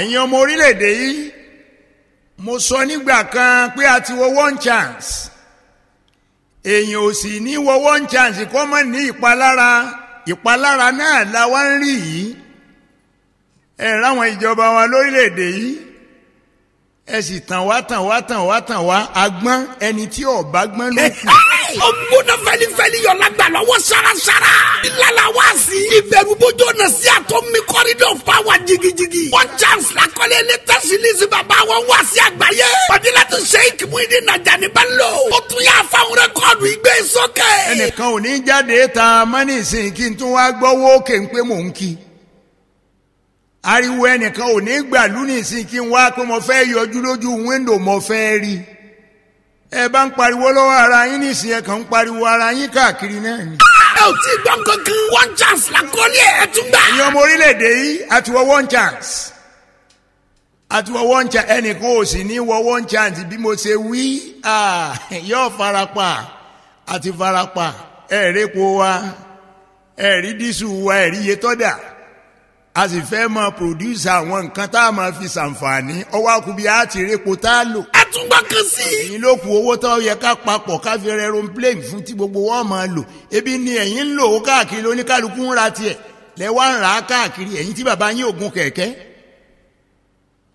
ẹ̀yin ọmọ orílẹ̀-èdè yìí mo sọ nígbà kan pé a ti wo one chance èèyàn ò sì ní wo one chance kó má ní ìpalára ìpalára náà la wá ń rí yìí ẹ ráwọn ìjọba wa lórílẹ̀‐èdè yìí ẹ sì tàn wá tàn wá tàn wá tàn wá agbọ́n ẹni tí ọba gbọ́n ló kù. ó gbóná fẹlifẹli yọlá gbà lọ́wọ́ sárasára. ìlànà wá sí. ìbẹ̀rù bójú ọ̀nà sí àtọ́ mi corridor power jigijigi. one wọlé ní tẹsílísì bàbá wọn wá sí àgbáyé. fadilatu sheik muhidin najani bello. ó tún yà fáwọn rẹkọọdù ìgbé sókè. ẹnìkan ò ní jáde ta mọ́nì ìsìn kí n tún wá gbọ́ wókè ń pé mò ń kí ariwo ẹnìkan ò ní gbàlú nìsín kí n wá pé mo fẹ́ yọjú lójú wíńdò mo fẹ́ rí ẹ bá ń pariwo lọ́wọ́ ara yín nìsín ẹ kàn ń pariwo ara yín káàkiri náà ni. ẹ ò tí ì gbọ́ nǹkan kan one chance la kọ́lé ẹ̀ tún gbà. ìyọmọ orílẹ̀-èdè yìí àtiwọ́ one chance àti wọ́wọ́ ń cha ẹnìkan ò sì ní wọ́wọ́ ń cha àti bí mo ṣe wí ah, yóò farapa àti farapa ẹ̀rí epo wa ẹ̀rí dísù wa ẹ̀rí iye tọ́dà a sì fẹ́ máa pòdúsà àwọn nǹkan tá a máa fi ṣàǹfààní ọwọ́ àkùbí á ti rí epo tá a lò. a tún gbà kan sí i. èyí ló kù owó tó yẹ ká papọ̀ ká fi rẹ ronplane fún tí gbogbo wọn máa lò ebi ni ẹ̀yin ń lò ó káàkiri oníkálukú ń ra tiẹ̀ lẹ́wọ́n ń rà á káàkiri ẹ̀yin tí bàbá yín ògùn kẹ̀kẹ́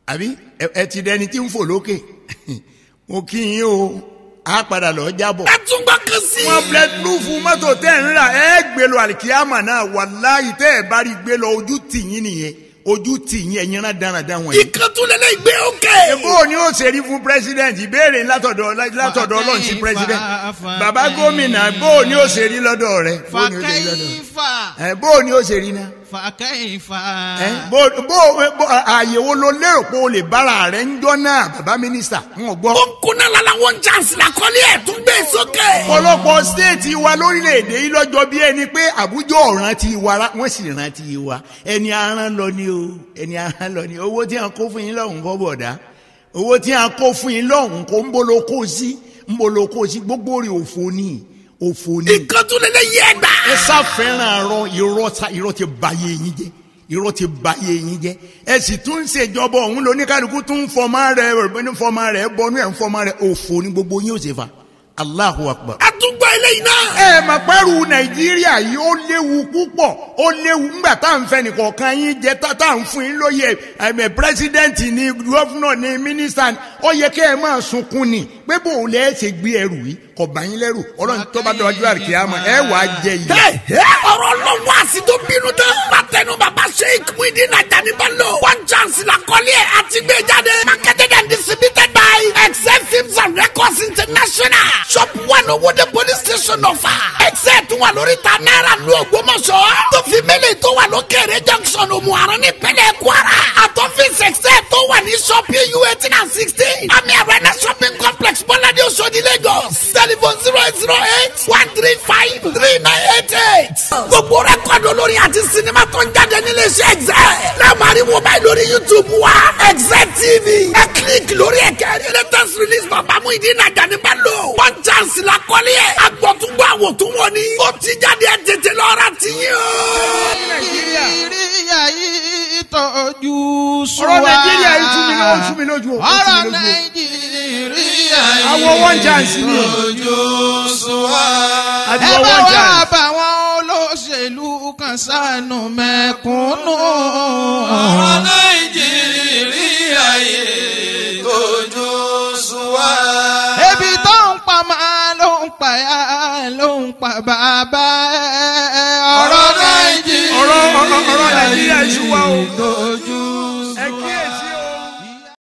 àbí ẹ ti dẹni tí ń fò lókè mo kí yín o a padà lọ jábọ̀. ẹ tún gbà kan sí. wọn bulletproof mọ́tò tẹ́ ń rà ẹ gbé lọ àlìkíyàmà náà wàláyé tẹ́ ẹ bá rí gbé lọ ojú tì yín nìyẹn ojú tì yín ẹ̀yin rán dáradára wọ̀nyí. ìkan tún lẹ́lẹ́ ìgbé òkè. Ebo ni o ṣe rí fún pírẹsidẹ́ǹtì ìbéèrè látọ̀dọ̀ látọ̀dọ̀ ọlọ́run sí pírẹsidẹ́ǹtì. bàbá gómìnà bó ni ó ṣe rí lọ́dọ̀ rẹ̀. bó ni ó ṣe náà fàkẹ́yìnfà. ẹ bó bó àyèwò ló lérò pé o lè bára rẹ ń jọ náà bàbá mínísítà ń gbọ́. ó kunná lala wọn chance làkọ́lé ẹ̀ tún gbé e sókè. ọ̀pọ̀lọpọ̀ stéètì wa lórílẹ̀‐èdè yìí lọ́jọ́ bí ẹni pé àbújọ ọ̀ràn ti wa wọ́n sì rántí wa ẹni aràn lọ ni o ẹni aràn lọ ni owó tí a kó fún yín lọ́hùn kọ́ bọ̀dá owó tí a kó fún yín lọ́hùn kó ń bolo kó sí ń bolo kó sí gbogbo rẹ̀ òfò nìyí òfò ni. ìkọ́túnlélẹ̀ yẹ gbà. ẹ sá fẹ́ràn arọ irọ́ irọ́ ti ba yé yín jẹ́ irọ́ ti ba yé yín jẹ́ ẹ sì tún ṣèjọba ọ̀hún lóní kálukú tún fọmọ rẹ bọnú ẹ̀ fọmọ rẹ òfò ni gbogbo yín ó ṣe fa Allahu a tún eléyìí náà. ẹ mà pẹ́rù nàìjíríà yìí ó léwu púpọ̀ ó léwu ńgbà tá à ń fẹ́ nìkọ̀ọ̀kan yín jẹ tá à ń fún yín lóye ẹ̀mẹ̀ pírẹ́sídẹ́ǹtì ni gọ́fúnà ni mínísítà ni ó yẹ kẹ́ ẹ máa sunkún ni pé bò ó lẹ́ ẹ ṣe gbé ẹrù yìí kò bá yín lẹ́rù ọlọ́run tó bá dọ̀wájú àrùkí àmọ́ ẹ wàá jẹ yìí. ọ̀rọ̀ lọ́wọ́ àti tó bínú tán. látẹnu bàbá sheik wíìdì Ajani Bello. one chance làkọ́lé ẹ̀ àti gbé jáde. marketed and distributed by excel films and Coast International shop one owóde police station nọfà except wà lórí ta náírà lu Ògbómọ̀ṣọ́ tó fi mélòó tó wà lókèrè junction Òmùaran nípínlẹ̀ Kwara àtọ́fíìsì except tó wà ní shopping u eighteen and sixteen àmì arena shopping complex Bọ́ládé Òṣòdì Lagos telephone zero zero eight one three five three nine eight eight gbogbo rẹ́kọ̀dù olórin àti sinimá tó ń jáde nílé iṣẹ́ except lámàrin lórí YouTube wa Exxen TV ẹ kílíkì lórí ẹ̀kẹ́ rí latest release bàbá Muyideen Ajani Bello Punchance la kọ́lé ẹ̀ agbọ̀túngbọ̀ àwòtún wọn ni ó ti jáde ẹ̀ tètè lọ́ra tiyín o. Nàìjíríà yìí tọ́jú sùn wá. Ọ̀rọ̀ Nàìjíríà yìí tún mi náà ó tún mi lójú o. Ọ̀rọ̀ Nàìjíríà yìí tọ́jú sùn wá. Àwọn one chance ni o. Tọ́jú sùn wá. Àbí wọ́n ṣàánú mẹ̀kúnnù. ọ̀rọ̀ nàìjíríà yìí tójú súwá. ebi tó ń pa máa ló ń pa yá ló ń pa bàbá ẹ̀.